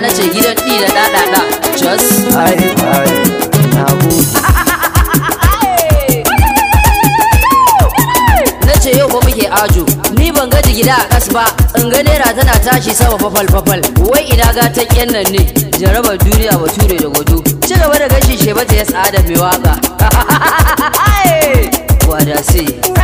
na ce gidan ɗi da ɗaɗaɗa just high five ni ban ga jigida a kas ba in ga naira tana tashi sama fafal fafal wai ina gatan yan nan ne jarabar duniya ba ture da gwado ci gaba da gashi shebata ya tsada mai waka Wada sai.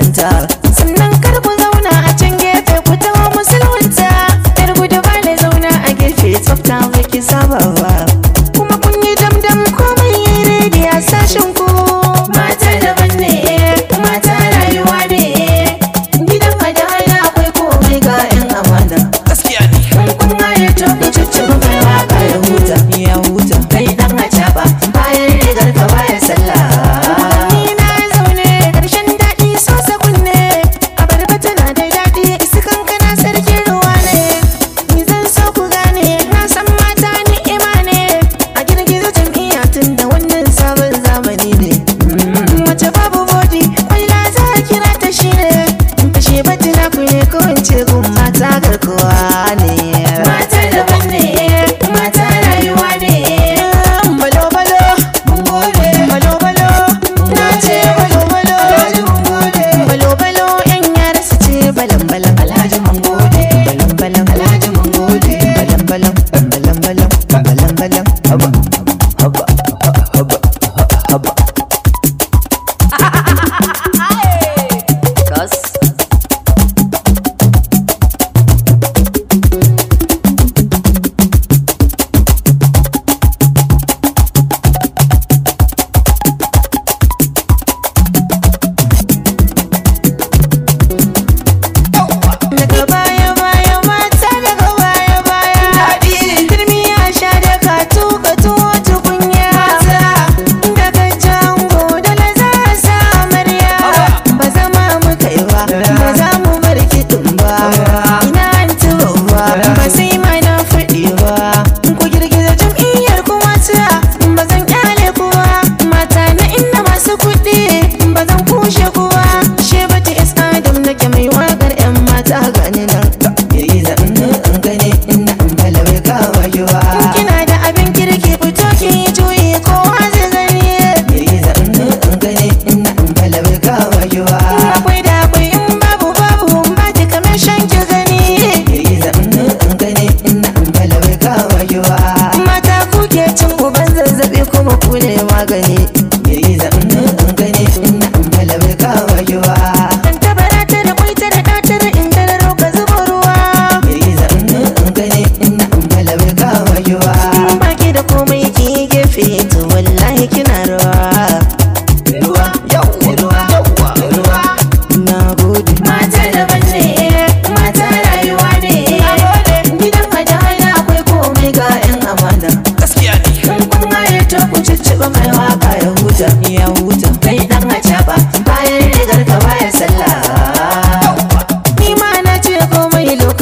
Central hub,